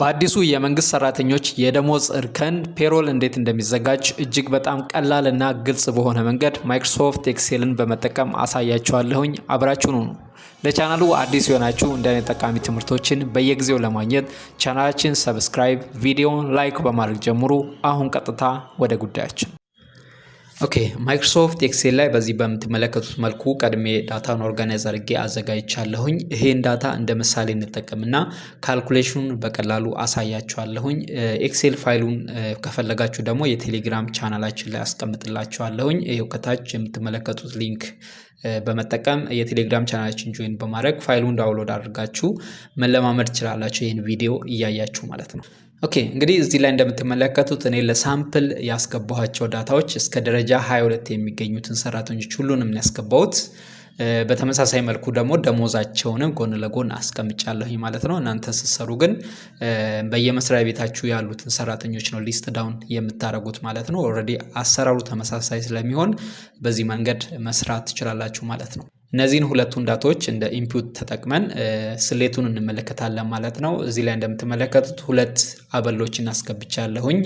በአዲሱ የመንግስት ሰራተኞች የደሞዝ እርከን ፔሮል እንዴት እንደሚዘጋጅ እጅግ በጣም ቀላልና ግልጽ በሆነ መንገድ ማይክሮሶፍት ኤክሴልን በመጠቀም አሳያችኋለሁኝ። አብራችሁ ነው። ለቻናሉ አዲስ የሆናችሁ እንደኔ ጠቃሚ ትምህርቶችን በየጊዜው ለማግኘት ቻናላችን ሰብስክራይብ፣ ቪዲዮን ላይክ በማድረግ ጀምሩ። አሁን ቀጥታ ወደ ጉዳያችን ኦኬ ማይክሮሶፍት ኤክሴል ላይ በዚህ በምትመለከቱት መልኩ ቀድሜ ዳታን ኦርጋናይዝ አድርጌ አዘጋጅቻለሁኝ። ይሄን ዳታ እንደ ምሳሌ እንጠቀምና ካልኩሌሽኑን በቀላሉ አሳያችኋለሁኝ። ኤክሴል ፋይሉን ከፈለጋችሁ ደግሞ የቴሌግራም ቻናላችን ላይ አስቀምጥላችኋለሁኝ። ይኸው ከታች የምትመለከቱት ሊንክ በመጠቀም የቴሌግራም ቻናላችን ጆይን በማድረግ ፋይሉን ዳውንሎድ አድርጋችሁ መለማመድ ትችላላችሁ፣ ይህን ቪዲዮ እያያችሁ ማለት ነው። ኦኬ እንግዲህ እዚህ ላይ እንደምትመለከቱት እኔ ለሳምፕል ያስገባኋቸው ዳታዎች እስከ ደረጃ 22 የሚገኙትን ሰራተኞች ሁሉንም ያስገባሁት። በተመሳሳይ መልኩ ደግሞ ደሞዛቸውንም ጎን ለጎን አስቀምጫለሁኝ ማለት ነው። እናንተ ስትሰሩ ግን በየመስሪያ ቤታችሁ ያሉትን ሰራተኞች ነው ሊስት ዳውን የምታደርጉት ማለት ነው። ኦልሬዲ አሰራሩ ተመሳሳይ ስለሚሆን በዚህ መንገድ መስራት ትችላላችሁ ማለት ነው። እነዚህን ሁለቱን ዳቶች እንደ ኢንፑት ተጠቅመን ስሌቱን እንመለከታለን ማለት ነው። እዚህ ላይ እንደምትመለከቱት ሁለት አበሎችን አስገብቻለሁኝ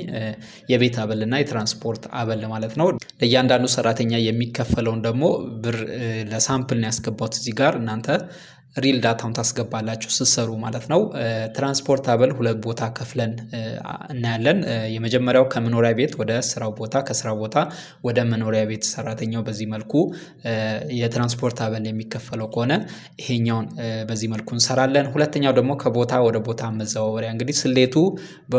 የቤት አበልና የትራንስፖርት አበል ማለት ነው። ለእያንዳንዱ ሰራተኛ የሚከፈለውን ደግሞ ብር ለሳምፕል ነው ያስገባት እዚህ ጋር እናንተ ሪል ዳታውን ታስገባላችሁ ስትሰሩ ማለት ነው። ትራንስፖርት ሁለት ቦታ ከፍለን እናያለን። የመጀመሪያው ከመኖሪያ ቤት ወደ ስራው ቦታ፣ ከስራ ቦታ ወደ መኖሪያ ቤት ሰራተኛው በዚህ መልኩ የትራንስፖርት የሚከፈለው ከሆነ ይሄኛውን በዚህ መልኩ እንሰራለን። ሁለተኛው ደግሞ ከቦታ ወደ ቦታ መዘዋወሪያ እንግዲህ ስሌቱ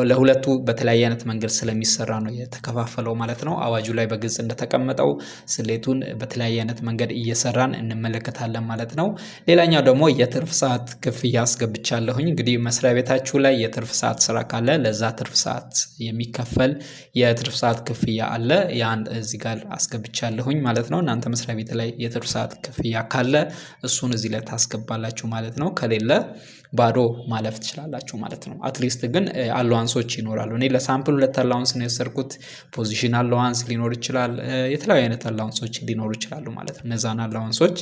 ለሁለቱ በተለያየ አይነት መንገድ ስለሚሰራ ነው የተከፋፈለው ማለት ነው። አዋጁ ላይ በግልጽ እንደተቀመጠው ስሌቱን በተለያየ አይነት መንገድ እየሰራን እንመለከታለን ማለት ነው። ሌላኛው ደግሞ የትርፍ ሰዓት ክፍያ አስገብቻለሁኝ። እንግዲህ መስሪያ ቤታችሁ ላይ የትርፍ ሰዓት ስራ ካለ ለዛ ትርፍ ሰዓት የሚከፈል የትርፍ ሰዓት ክፍያ አለ። ያን እዚህ ጋር አስገብቻለሁኝ ማለት ነው። እናንተ መስሪያ ቤት ላይ የትርፍ ሰዓት ክፍያ ካለ እሱን እዚህ ላይ ታስገባላችሁ ማለት ነው። ከሌለ ባዶ ማለፍ ትችላላችሁ ማለት ነው። አትሊስት ግን አለዋንሶች eh, ይኖራሉ። እኔ ለሳምፕል ሁለት አላዋንስ ነው የሰርኩት። ፖዚሽን አለዋንስ ሊኖር ይችላል። eh, የተለያዩ አይነት አላዋንሶች ሊኖሩ ይችላሉ ማለት ነው። እነዛን አላዋንሶች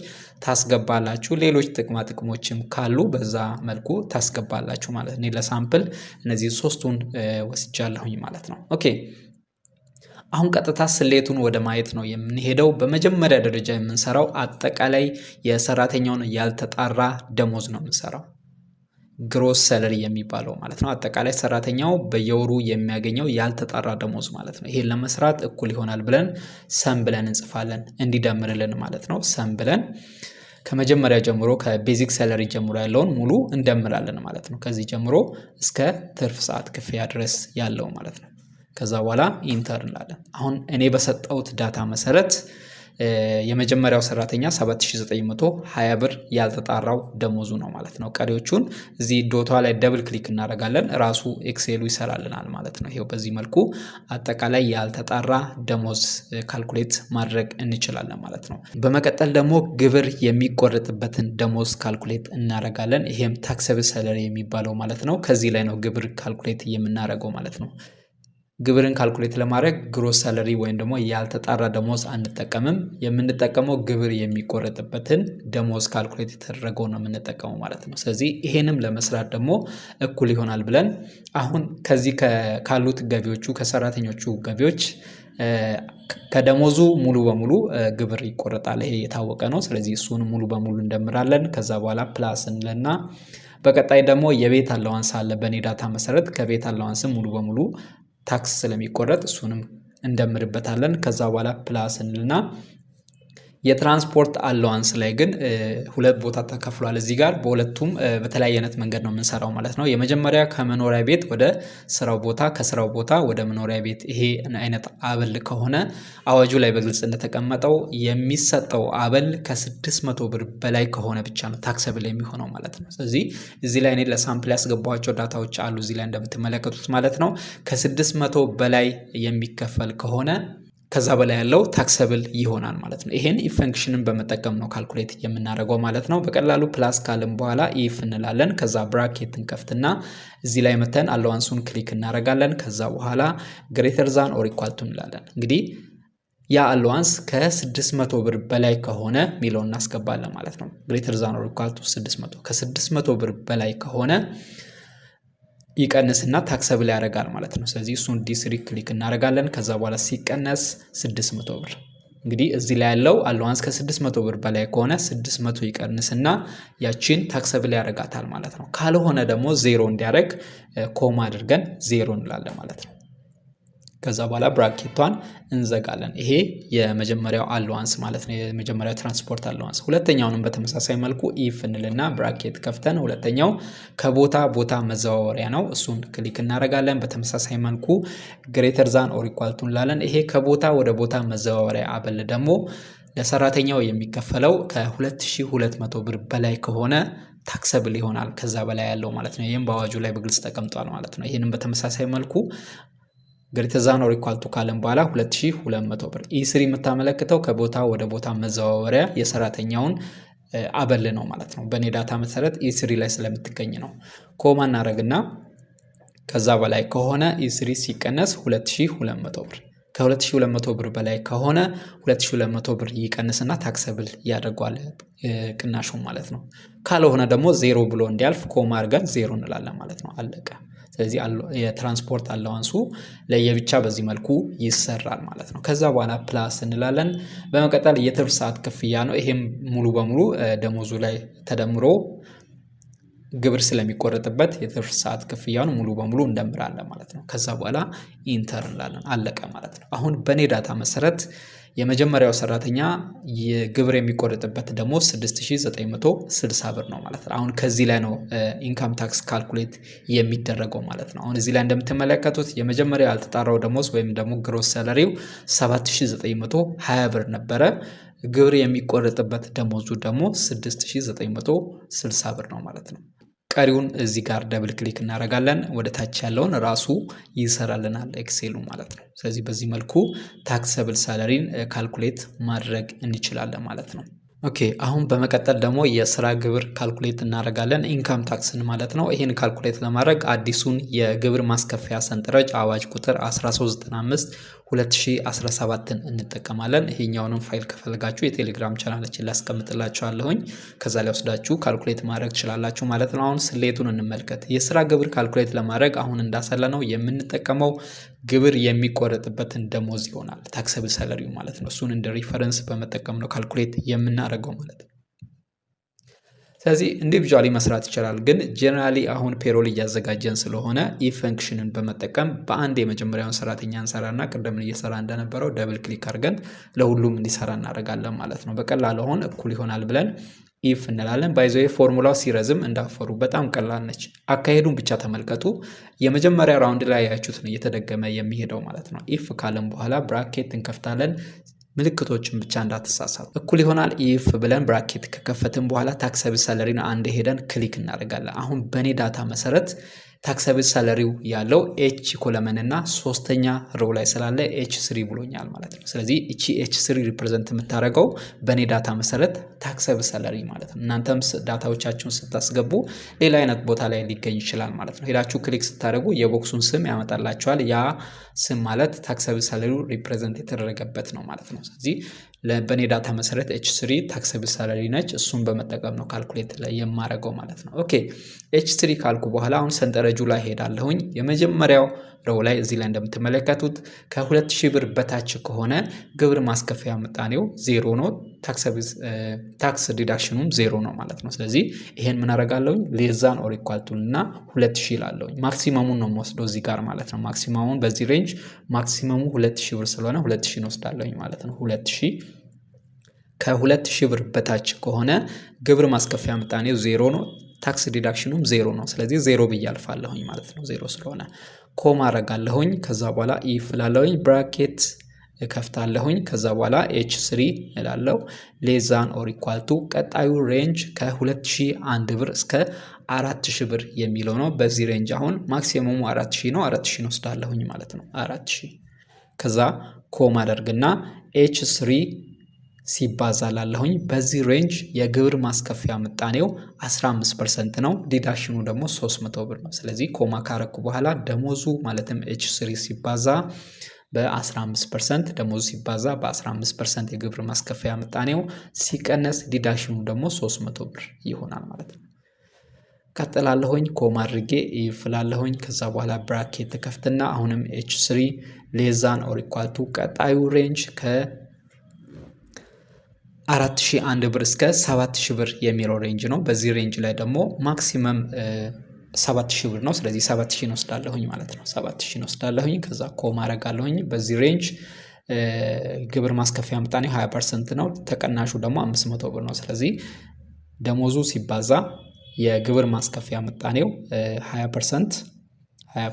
ታስገባላችሁ። ሌሎች ጥቅማ ጥቅሞችም ካሉ በዛ መልኩ ታስገባላችሁ ማለት ነው። እኔ ለሳምፕል እነዚህ ሶስቱን eh, ወስጃለሁኝ ማለት ነው። ኦኬ አሁን ቀጥታ ስሌቱን ወደ ማየት ነው የምንሄደው። በመጀመሪያ ደረጃ የምንሰራው አጠቃላይ የሰራተኛውን ያልተጣራ ደሞዝ ነው የምንሰራው። ግሮስ ሰለሪ የሚባለው ማለት ነው። አጠቃላይ ሰራተኛው በየወሩ የሚያገኘው ያልተጣራ ደሞዝ ማለት ነው። ይሄን ለመስራት እኩል ይሆናል ብለን ሰም ብለን እንጽፋለን፣ እንዲደምርልን ማለት ነው። ሰም ብለን ከመጀመሪያ ጀምሮ ከቤዚክ ሰለሪ ጀምሮ ያለውን ሙሉ እንደምራለን ማለት ነው። ከዚህ ጀምሮ እስከ ትርፍ ሰዓት ክፍያ ድረስ ያለው ማለት ነው። ከዛ በኋላ ኢንተር እንላለን። አሁን እኔ በሰጠሁት ዳታ መሰረት የመጀመሪያው ሰራተኛ 7920 ብር ያልተጣራው ደሞዙ ነው ማለት ነው። ቀሪዎቹን እዚህ ዶቷ ላይ ደብል ክሊክ እናደርጋለን ራሱ ኤክሴሉ ይሰራልናል ማለት ነው። ይሄው በዚህ መልኩ አጠቃላይ ያልተጣራ ደሞዝ ካልኩሌት ማድረግ እንችላለን ማለት ነው። በመቀጠል ደግሞ ግብር የሚቆረጥበትን ደሞዝ ካልኩሌት እናደርጋለን። ይሄም ታክሰብ ሰለሪ የሚባለው ማለት ነው። ከዚህ ላይ ነው ግብር ካልኩሌት የምናደርገው ማለት ነው። ግብርን ካልኩሌት ለማድረግ ግሮስ ሰለሪ ወይም ደግሞ ያልተጣራ ደሞዝ አንጠቀምም። የምንጠቀመው ግብር የሚቆረጥበትን ደሞዝ ካልኩሌት የተደረገው ነው የምንጠቀመው ማለት ነው። ስለዚህ ይሄንም ለመስራት ደግሞ እኩል ይሆናል ብለን አሁን ከዚህ ካሉት ገቢዎቹ ከሰራተኞቹ ገቢዎች ከደሞዙ ሙሉ በሙሉ ግብር ይቆረጣል። ይሄ የታወቀ ነው። ስለዚህ እሱን ሙሉ በሙሉ እንደምራለን። ከዛ በኋላ ፕላስ እንለና በቀጣይ ደግሞ የቤት አለዋንስ አለ። በእኔ ዳታ መሰረት ከቤት አለዋንስ ሙሉ በሙሉ ታክስ ስለሚቆረጥ እሱንም እንደምርበታለን። ከዛ በኋላ ፕላስ እንልና የትራንስፖርት አለዋንስ ላይ ግን ሁለት ቦታ ተከፍሏል። እዚህ ጋር በሁለቱም በተለያየ አይነት መንገድ ነው የምንሰራው ማለት ነው። የመጀመሪያ ከመኖሪያ ቤት ወደ ስራው ቦታ፣ ከስራው ቦታ ወደ መኖሪያ ቤት። ይሄ አይነት አበል ከሆነ አዋጁ ላይ በግልጽ እንደተቀመጠው የሚሰጠው አበል ከስድስት መቶ ብር በላይ ከሆነ ብቻ ነው ታክሰብል የሚሆነው ማለት ነው። ስለዚህ እዚህ ላይ እኔ ለሳምፕል ያስገባቸው ዳታዎች አሉ እዚህ ላይ እንደምትመለከቱት ማለት ነው። ከስድስት መቶ በላይ የሚከፈል ከሆነ ከዛ በላይ ያለው ታክሰብል ይሆናል ማለት ነው። ይሄን ኢፍ ፈንክሽንን በመጠቀም ነው ካልኩሌት የምናደርገው ማለት ነው። በቀላሉ ፕላስ ካልን በኋላ ኢፍ እንላለን። ከዛ ብራኬት እንከፍትና እዚህ ላይ መተን አለዋንሱን ክሊክ እናደርጋለን። ከዛ በኋላ ግሬተር ዛን ኦር ኢኳል ቱ እንላለን። እንግዲህ ያ አለዋንስ ከ600 ብር በላይ ከሆነ ሚለውን እናስገባለን ማለት ነው። ግሬተር ዛን ኦር ኢኳል ቱ 600 ከ600 ብር በላይ ከሆነ ይቀንስና ታክሰብል ያደርጋል ማለት ነው። ስለዚህ እሱን ዲስሪ ክሊክ እናደርጋለን። ከዛ በኋላ ሲቀነስ 600 ብር እንግዲህ እዚህ ላይ ያለው አለዋንስ ከ600 ብር በላይ ከሆነ 600 ይቀንስና ያቺን ታክሰብል ያደርጋታል ማለት ነው። ካልሆነ ደግሞ ዜሮ እንዲያደርግ ኮማ አድርገን ዜሮ እንላለን ማለት ነው። ከዛ በኋላ ብራኬቷን እንዘጋለን። ይሄ የመጀመሪያው አለዋንስ ማለት ነው፣ የመጀመሪያው ትራንስፖርት አለዋንስ። ሁለተኛውንም በተመሳሳይ መልኩ ኢፍ እንልና ብራኬት ከፍተን ሁለተኛው ከቦታ ቦታ መዘዋወሪያ ነው። እሱን ክሊክ እናደርጋለን። በተመሳሳይ መልኩ ግሬተር ዛን ኦር ኢኳል ቱ እንላለን። ይሄ ከቦታ ወደ ቦታ መዘዋወሪያ አበል ደግሞ ለሰራተኛው የሚከፈለው ከ2200 ብር በላይ ከሆነ ታክሰብል ይሆናል። ከዛ በላይ ያለው ማለት ነው። ይህም በአዋጁ ላይ በግልጽ ተቀምጧል ማለት ነው። ይህንም በተመሳሳይ መልኩ ግሪተዛን ኦር ኢኳል ቱ ካለን በኋላ 2200 ብር። ኢስሪ የምታመለክተው ከቦታ ወደ ቦታ መዘዋወሪያ የሰራተኛውን አበል ነው ማለት ነው። በእኔ ዳታ መሰረት ኢስሪ ላይ ስለምትገኝ ነው። ኮማ እናደረግና ከዛ በላይ ከሆነ ኢስሪ ሲቀነስ 2200 ብር ከ2200 ብር በላይ ከሆነ 2200 ብር ይቀንስና ታክሰብል ያደርጓል ቅናሹ ማለት ነው። ካልሆነ ደግሞ ዜሮ ብሎ እንዲያልፍ ኮማ አድርገን ዜሮ እንላለን ማለት ነው። አለቀ። ስለዚህ የትራንስፖርት አለዋንሱ ለየብቻ በዚህ መልኩ ይሰራል ማለት ነው። ከዛ በኋላ ፕላስ እንላለን። በመቀጠል የትርፍ ሰዓት ክፍያ ነው። ይሄም ሙሉ በሙሉ ደሞዙ ላይ ተደምሮ ግብር ስለሚቆረጥበት የትርፍ ሰዓት ክፍያውን ሙሉ በሙሉ እንደምራለን ማለት ነው። ከዛ በኋላ ኢንተር እንላለን። አለቀ ማለት ነው። አሁን በእኔ ዳታ መሰረት የመጀመሪያው ሰራተኛ የግብር የሚቆረጥበት ደግሞ 6960 ብር ነው ማለት ነው። አሁን ከዚህ ላይ ነው ኢንካም ታክስ ካልኩሌት የሚደረገው ማለት ነው። አሁን እዚህ ላይ እንደምትመለከቱት የመጀመሪያው ያልተጣራው ደሞዝ ወይም ደግሞ ግሮስ ሰለሪው 7920 ብር ነበረ። ግብር የሚቆረጥበት ደሞዙ ደግሞ 6960 ብር ነው ማለት ነው። ቀሪውን እዚህ ጋር ደብል ክሊክ እናደርጋለን። ወደ ታች ያለውን ራሱ ይሰራልናል ኤክሴሉ ማለት ነው። ስለዚህ በዚህ መልኩ ታክሰብል ሳለሪን ካልኩሌት ማድረግ እንችላለን ማለት ነው። ኦኬ አሁን በመቀጠል ደግሞ የስራ ግብር ካልኩሌት እናደርጋለን፣ ኢንካም ታክስን ማለት ነው። ይህን ካልኩሌት ለማድረግ አዲሱን የግብር ማስከፈያ ሰንጠረዥ አዋጅ ቁጥር 1395 2017ን እንጠቀማለን። ይሄኛውንም ፋይል ከፈልጋችሁ የቴሌግራም ቻናላችን ላስቀምጥላችኋለሁኝ ከዛ ላይ ወስዳችሁ ካልኩሌት ማድረግ ትችላላችሁ ማለት ነው። አሁን ስሌቱን እንመልከት። የስራ ግብር ካልኩሌት ለማድረግ አሁን እንዳሰለ ነው የምንጠቀመው ግብር የሚቆረጥበትን ደሞዝ ይሆናል ታክሰብል ሰለሪው ማለት ነው። እሱን እንደ ሪፈረንስ በመጠቀም ነው ካልኩሌት የምናደርገው ማለት ነው። ስለዚህ ኢንዲቪጁዋሊ መስራት ይችላል ግን ጀነራሊ አሁን ፔሮል እያዘጋጀን ስለሆነ ኢፍ ፈንክሽንን በመጠቀም በአንድ የመጀመሪያውን ሰራተኛ እንሰራና ቅድምን እየሰራ እንደነበረው ደብል ክሊክ አድርገን ለሁሉም እንዲሰራ እናደርጋለን ማለት ነው። በቀላል አሁን እኩል ይሆናል ብለን ኢፍ እንላለን። ባይዘ ፎርሙላው ሲረዝም እንዳፈሩ በጣም ቀላል ነች። አካሄዱን ብቻ ተመልከቱ። የመጀመሪያ ራውንድ ላይ ያያችሁትን እየተደገመ የሚሄደው ማለት ነው። ኢፍ ካለን በኋላ ብራኬት እንከፍታለን። ምልክቶችን ብቻ እንዳትሳሳቱ። እኩል ይሆናል ኢፍ ብለን ብራኬት ከከፈትን በኋላ ታክሰብል ሰለሪን አንድ ሄደን ክሊክ እናደርጋለን። አሁን በእኔ ዳታ መሰረት ታክሰብል ሰለሪው ያለው ኤች ኮለመን እና ሶስተኛ ሮው ላይ ስላለ ኤች ስሪ ብሎኛል ማለት ነው። ስለዚህ እቺ ኤች ስሪ ሪፕሬዘንት የምታደርገው በእኔ ዳታ መሰረት ታክሰብል ሰለሪ ማለት ነው። እናንተም ዳታዎቻችሁን ስታስገቡ ሌላ አይነት ቦታ ላይ ሊገኝ ይችላል ማለት ነው። ሄዳችሁ ክሊክ ስታደርጉ የቦክሱን ስም ያመጣላችኋል። ያ ስም ማለት ታክሰብል ሰለሪው ሪፕሬዘንት የተደረገበት ነው ማለት ነው። ስለዚህ በኔ ዳታ መሰረት ኤች ስሪ ታክሰብል ሳላሪ ነች። እሱን በመጠቀም ነው ካልኩሌት ላይ የማረገው ማለት ነው። ኦኬ ኤች ስሪ ካልኩ በኋላ አሁን ሰንጠረጁ ላይ ሄዳለሁኝ። የመጀመሪያው ረው ላይ እዚህ ላይ እንደምትመለከቱት ከ ሺህ ብር በታች ከሆነ ግብር ማስከፈያ ምጣኔው ዜሮ ነው። ታክስ ዲዳክሽኑም ዜሮ ነው ማለት ነው። ስለዚህ ይሄን ምን አደርጋለሁኝ ሌዛን ኦር እና ሁለት ሺ ላለውኝ ማክሲመሙን ነው የምወስደው እዚህ ጋር ማለት ነው። ማክሲመሙን በዚህ ሬንጅ ማክሲመሙ ሁለት ሺ ብር ስለሆነ ሁለት ሺ እንወስዳለሁኝ ማለት ነው። ሁለት ሺህ ከሁለት ሺህ ብር በታች ከሆነ ግብር ማስከፊያ ምጣኔው ዜሮ ነው። ታክስ ዲዳክሽኑም ዜሮ ነው። ስለዚህ ዜሮ ብዬ አልፋለሁኝ ማለት ነው። ዜሮ ስለሆነ ኮማ አረጋለሁኝ። ከዛ በኋላ ኢፍ ላለሁኝ ብራኬት እከፍታለሁኝ ከዛ በኋላ ኤች ስሪ እላለሁ ሌዛን ኦር ኢኳል ቱ ቀጣዩ ሬንጅ ከ2001 ብር እስከ 4000 ብር የሚለው ነው። በዚህ ሬንጅ አሁን ማክሲመሙ 4000 ነው። 4000 ወስዳለሁኝ ማለት ነው። 4000 ከዛ ኮም አደርግና ኤች ስሪ ላለሁኝ በዚህ ሬንጅ የግብር ማስከፊያ ምጣኔው 15 ፐርሰንት ነው። ዲዳሽኑ ደግሞ 300 ብር ነው። ስለዚህ ኮማ ካረኩ በኋላ ደሞዙ ማለትም ኤች ስሪ ሲባዛ በ15 ፐርሰንት ደሞዝ ሲባዛ በ15 ፐርሰንት የግብር ማስከፈያ ምጣኔው ሲቀነስ ዲዳሽኑ ደግሞ 300 ብር ይሆናል ማለት ነው። ቀጥላለሁኝ ኮማ አድርጌ ይፍላለሁኝ። ከዛ በኋላ ብራኬት ከፍትና አሁንም ኤች ስሪ ሌዛን ኦሪኳቱ ቀጣዩ ሬንጅ ከ አራት ሺህ አንድ ብር እስከ ሰባት ሺህ ብር የሚለው ሬንጅ ነው። በዚህ ሬንጅ ላይ ደግሞ ማክሲመም ሰባት ሺህ ብር ነው። ስለዚህ ሰባት ሺህ እንወስዳለሁኝ ማለት ነው። ሰባት ሺህ እንወስዳለሁኝ ከዛ ኮም አረጋለሁኝ። በዚህ ሬንጅ ግብር ማስከፊያ ምጣኔ 20 ፐርሰንት ነው። ተቀናሹ ደግሞ 500 ብር ነው። ስለዚህ ደሞዙ ሲባዛ የግብር ማስከፊያ ምጣኔው 20 ፐርሰንት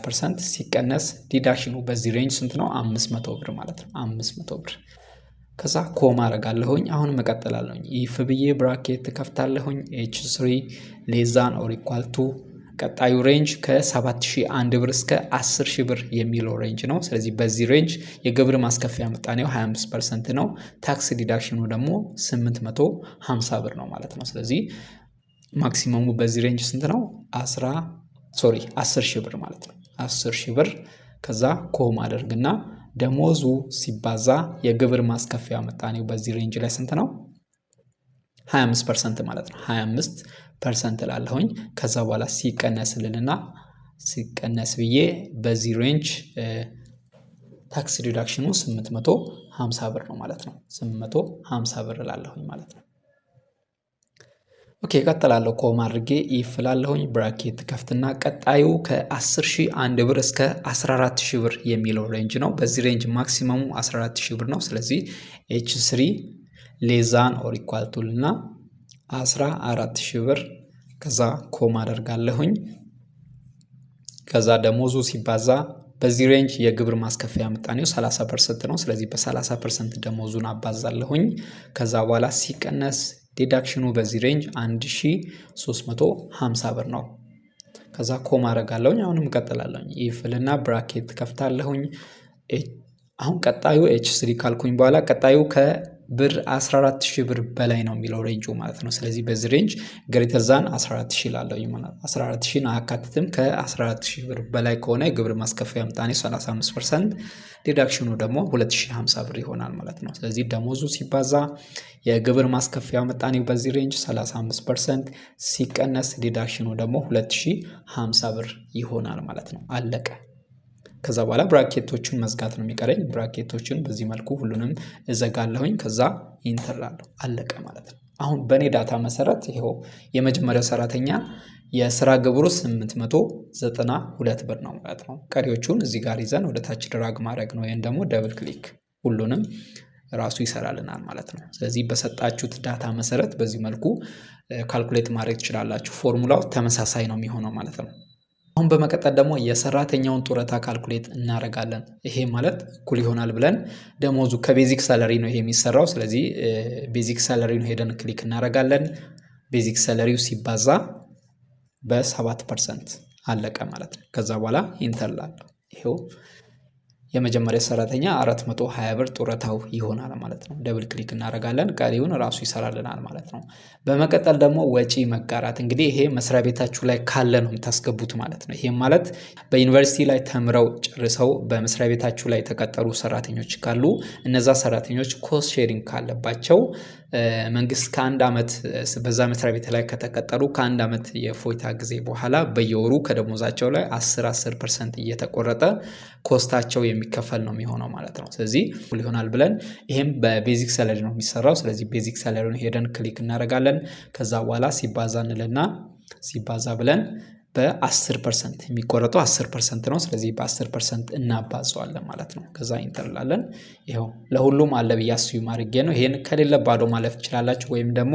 ፐርሰንት ሲቀነስ ዲዳክሽኑ በዚህ ሬንጅ ስንት ነው? 500 ብር ማለት ነው። 500 ብር ከዛ ኮም አረጋለሁኝ። አሁን መቀጠላለሁኝ። ኢፍ ብዬ ብራኬት ከፍታለሁኝ ኤች ስሪ ሌዛን ኦር ኢኳል ቱ ቀጣዩ ሬንጅ ከ7001 ብር እስከ 10000 ብር የሚለው ሬንጅ ነው። ስለዚህ በዚህ ሬንጅ የግብር ማስከፈያ ምጣኔው 25 ፐርሰንት ነው። ታክስ ዲዳክሽኑ ደግሞ 850 ብር ነው ማለት ነው። ስለዚህ ማክሲመሙ በዚህ ሬንጅ ስንት ነው? 10 ሶሪ 10000 ብር ማለት ነው። 10000 ብር ከዛ ኮም አደርግና ደሞዙ ሲባዛ የግብር ማስከፈያ ምጣኔው በዚህ ሬንጅ ላይ ስንት ነው? 25 ፐርሰንት ማለት ነው። 25 ፐርሰንት ላለሁኝ ከዛ በኋላ ሲቀነስልንና ሲቀነስ ብዬ በዚህ ሬንጅ ታክስ ሪዳክሽኑ 850 ብር ነው ማለት ነው። 850 ብር ላለሁኝ ማለት ነው። ኦኬ ቀጥላለሁ። ኮማ አድርጌ ይፍላለሁኝ ብራኬት ከፍትና ቀጣዩ ከ 10 1 ብር እስከ ሺህ ብር የሚለው ሬንጅ ነው። በዚህ ሬንጅ ማክሲመሙ 14000 ብር ነው። ስለዚህ ኤች 3 ሌዛን ኦር ኢኳል ቱል እና አስራ አራት ሺህ ብር ከዛ ኮማ አደርጋለሁኝ። ከዛ ደሞዙ ሲባዛ በዚህ ሬንጅ የግብር ማስከፈያ ምጣኔው 30 ፐርሰንት ነው። ስለዚህ በ30 ፐርሰንት ደሞዙን አባዛለሁኝ። ከዛ በኋላ ሲቀነስ ዲዳክሽኑ በዚህ ሬንጅ 1350 ብር ነው። ከዛ ኮም አደርጋለሁኝ። አሁንም እቀጥላለሁኝ። ይፍልና ብራኬት ከፍታለሁኝ። አሁን ቀጣዩ ኤች ስሪ ካልኩኝ በኋላ ቀጣዩ ከ ብር 14000 ብር በላይ ነው የሚለው ሬንጁ ማለት ነው። ስለዚህ በዚህ ሬንጅ ግሬተር ዛን 14000 እላለሁኝ ማለት 14000 አያካትትም። ከ14000 ብር በላይ ከሆነ የግብር ማስከፈያ ምጣኔ 35 ፐርሰንት፣ ዲዳክሽኑ ደግሞ 2050 ብር ይሆናል ማለት ነው። ስለዚህ ደሞዙ ሲባዛ የግብር ማስከፈያ ምጣኔው በዚህ ሬንጅ 35 ፐርሰንት ሲቀነስ ዲዳክሽኑ ደግሞ 2050 ብር ይሆናል ማለት ነው። አለቀ። ከዛ በኋላ ብራኬቶቹን መዝጋት ነው የሚቀረኝ። ብራኬቶችን በዚህ መልኩ ሁሉንም እዘጋለሁኝ። ከዛ ይንተላለሁ አለቀ ማለት ነው። አሁን በእኔ ዳታ መሰረት ይኸው የመጀመሪያው ሰራተኛ የስራ ግብሩ 892 ብር ነው ማለት ነው። ቀሪዎቹን እዚህ ጋር ይዘን ወደ ታች ድራግ ማድረግ ነው። ወይም ደግሞ ደብል ክሊክ ሁሉንም ራሱ ይሰራልናል ማለት ነው። ስለዚህ በሰጣችሁት ዳታ መሰረት በዚህ መልኩ ካልኩሌት ማድረግ ትችላላችሁ። ፎርሙላው ተመሳሳይ ነው የሚሆነው ማለት ነው። አሁን በመቀጠል ደግሞ የሰራተኛውን ጡረታ ካልኩሌት እናደርጋለን። ይሄ ማለት እኩል ይሆናል ብለን ደሞዙ ከቤዚክ ሳለሪ ነው ይሄ የሚሰራው። ስለዚህ ቤዚክ ነው ሄደን ክሊክ እናደርጋለን። ቤዚክ ሳለሪው ሲባዛ በሰባት ፐርሰንት አለቀ ማለት ነው። ከዛ በኋላ ኢንተር ላለው ይሄው የመጀመሪያ ሰራተኛ 420 ብር ጡረታው ይሆናል ማለት ነው። ደብል ክሊክ እናደርጋለን ቀሪውን ራሱ ይሰራልናል ማለት ነው። በመቀጠል ደግሞ ወጪ መጋራት እንግዲህ ይሄ መስሪያ ቤታችሁ ላይ ካለ ነው የምታስገቡት ማለት ነው። ይሄም ማለት በዩኒቨርሲቲ ላይ ተምረው ጨርሰው በመስሪያ ቤታችሁ ላይ የተቀጠሩ ሰራተኞች ካሉ እነዛ ሰራተኞች ኮስት ሼሪንግ ካለባቸው መንግስት ከአንድ ዓመት በዛ መስሪያ ቤት ላይ ከተቀጠሩ ከአንድ ዓመት የፎይታ ጊዜ በኋላ በየወሩ ከደሞዛቸው ላይ አስር አስር ፐርሰንት እየተቆረጠ ኮስታቸው የሚከፈል ነው የሚሆነው ማለት ነው። ስለዚህ ይሆናል ብለን ይህም በቤዚክ ሰለሪ ነው የሚሰራው። ስለዚህ ቤዚክ ሰለሪን ሄደን ክሊክ እናደርጋለን። ከዛ በኋላ ሲባዛ እንልና ሲባዛ ብለን በ10 ፐርሰንት የሚቆረጠው 10 ፐርሰንት ነው። ስለዚህ በ10 ፐርሰንት እናባዘዋለን ማለት ነው። ከዛ ኢንተርላለን። ላለን ይኸው ለሁሉም አለ ብዬ አስዩም አድርጌ ነው። ይሄን ከሌለ ባዶ ማለፍ ትችላላችሁ፣ ወይም ደግሞ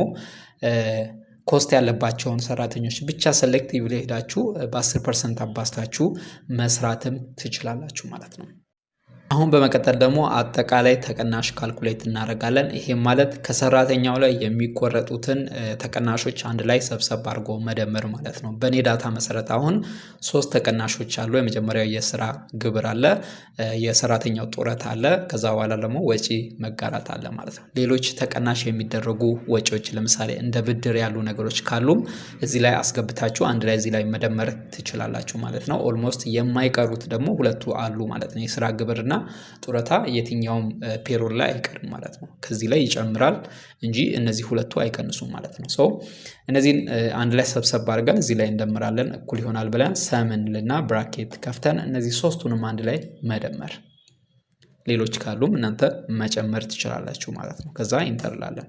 ኮስት ያለባቸውን ሰራተኞች ብቻ ሰሌክቲቭ ሄዳችሁ በ10 ፐርሰንት አባዝታችሁ መስራትም ትችላላችሁ ማለት ነው። አሁን በመቀጠል ደግሞ አጠቃላይ ተቀናሽ ካልኩሌት እናደርጋለን። ይሄም ማለት ከሰራተኛው ላይ የሚቆረጡትን ተቀናሾች አንድ ላይ ሰብሰብ አድርጎ መደመር ማለት ነው። በእኔ ዳታ መሰረት አሁን ሶስት ተቀናሾች አሉ። የመጀመሪያው የስራ ግብር አለ፣ የሰራተኛው ጡረት አለ፣ ከዛ በኋላ ደግሞ ወጪ መጋራት አለ ማለት ነው። ሌሎች ተቀናሽ የሚደረጉ ወጪዎች ለምሳሌ እንደ ብድር ያሉ ነገሮች ካሉም እዚህ ላይ አስገብታችሁ አንድ ላይ እዚህ ላይ መደመር ትችላላችሁ ማለት ነው። ኦልሞስት የማይቀሩት ደግሞ ሁለቱ አሉ ማለት ነው፣ የስራ ግብርና ጡረታ የትኛውም ፔሮል ላይ አይቀርም ማለት ነው። ከዚህ ላይ ይጨምራል እንጂ እነዚህ ሁለቱ አይቀንሱም ማለት ነው። ሰው እነዚህን አንድ ላይ ሰብሰብ አድርገን እዚህ ላይ እንደምራለን። እኩል ይሆናል ብለን ሰምን ልና ብራኬት ከፍተን እነዚህ ሶስቱንም አንድ ላይ መደመር ሌሎች ካሉም እናንተ መጨመር ትችላላችሁ ማለት ነው። ከዛ ኢንተርላለን።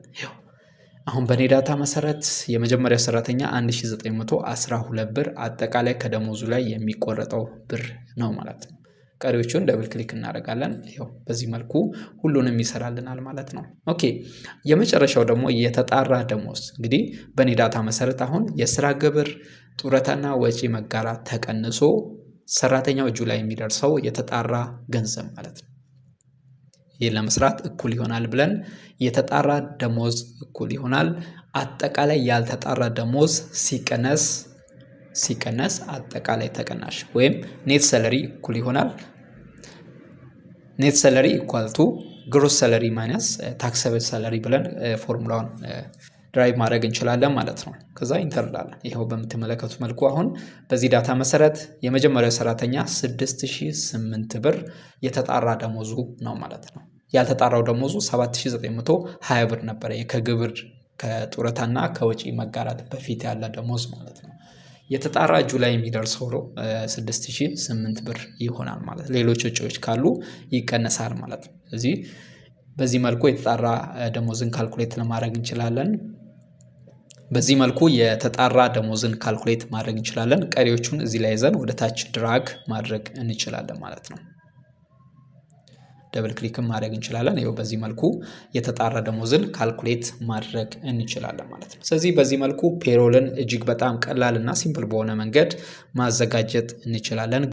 አሁን በእኔ ዳታ መሰረት የመጀመሪያ ሰራተኛ 1912 ብር አጠቃላይ ከደሞዙ ላይ የሚቆረጠው ብር ነው ማለት ነው። ቀሪዎቹን ደብል ክሊክ እናደርጋለን። ይኸው በዚህ መልኩ ሁሉንም ይሰራልናል ማለት ነው። ኦኬ የመጨረሻው ደግሞ የተጣራ ደሞዝ እንግዲህ በእኔ ዳታ መሰረት አሁን የስራ ግብር ጡረታና ወጪ መጋራት ተቀንሶ ሰራተኛው እጁ ላይ የሚደርሰው የተጣራ ገንዘብ ማለት ነው። ይህ ለመስራት እኩል ይሆናል ብለን የተጣራ ደሞዝ እኩል ይሆናል አጠቃላይ ያልተጣራ ደሞዝ ሲቀነስ ሲቀነስ አጠቃላይ ተቀናሽ ወይም ኔት ሰለሪ እኩል ይሆናል ኔት ሰለሪ ኢኳል ቱ ግሮስ ሰለሪ ማይነስ ታክሰብል eh, ሰለሪ ብለን eh, ፎርሙላውን ድራይቭ eh, ማድረግ እንችላለን ማለት ነው። ከዛ ኢንተር እንላለን። ይኸው በምትመለከቱ መልኩ አሁን በዚህ ዳታ መሰረት የመጀመሪያው ሰራተኛ 6008 ብር የተጣራ ደሞዙ ነው ማለት ነው። ያልተጣራው ደሞዙ 7920 ብር ነበረ፣ ከግብር ከጡረታና ከወጪ መጋራት በፊት ያለ ደሞዝ ማለት ነው። የተጣራ እጁ ላይ የሚደርስ ሆኖ ስድስት ብር ይሆናል ማለት ሌሎች ወጪዎች ካሉ ይቀነሳል ማለት ነው። ስለዚህ በዚህ መልኩ የተጣራ ደሞዝን ካልኩሌት ለማድረግ እንችላለን። በዚህ መልኩ የተጣራ ደሞዝን ካልኩሌት ማድረግ እንችላለን። ቀሪዎቹን እዚህ ላይ ይዘን ወደ ታች ድራግ ማድረግ እንችላለን ማለት ነው። ደብል ክሊክ ማድረግ እንችላለን። ይኸው በዚህ መልኩ የተጣራ ደሞዝን ካልኩሌት ማድረግ እንችላለን ማለት ነው። ስለዚህ በዚህ መልኩ ፔሮልን እጅግ በጣም ቀላልና ሲምፕል በሆነ መንገድ ማዘጋጀት እንችላለን።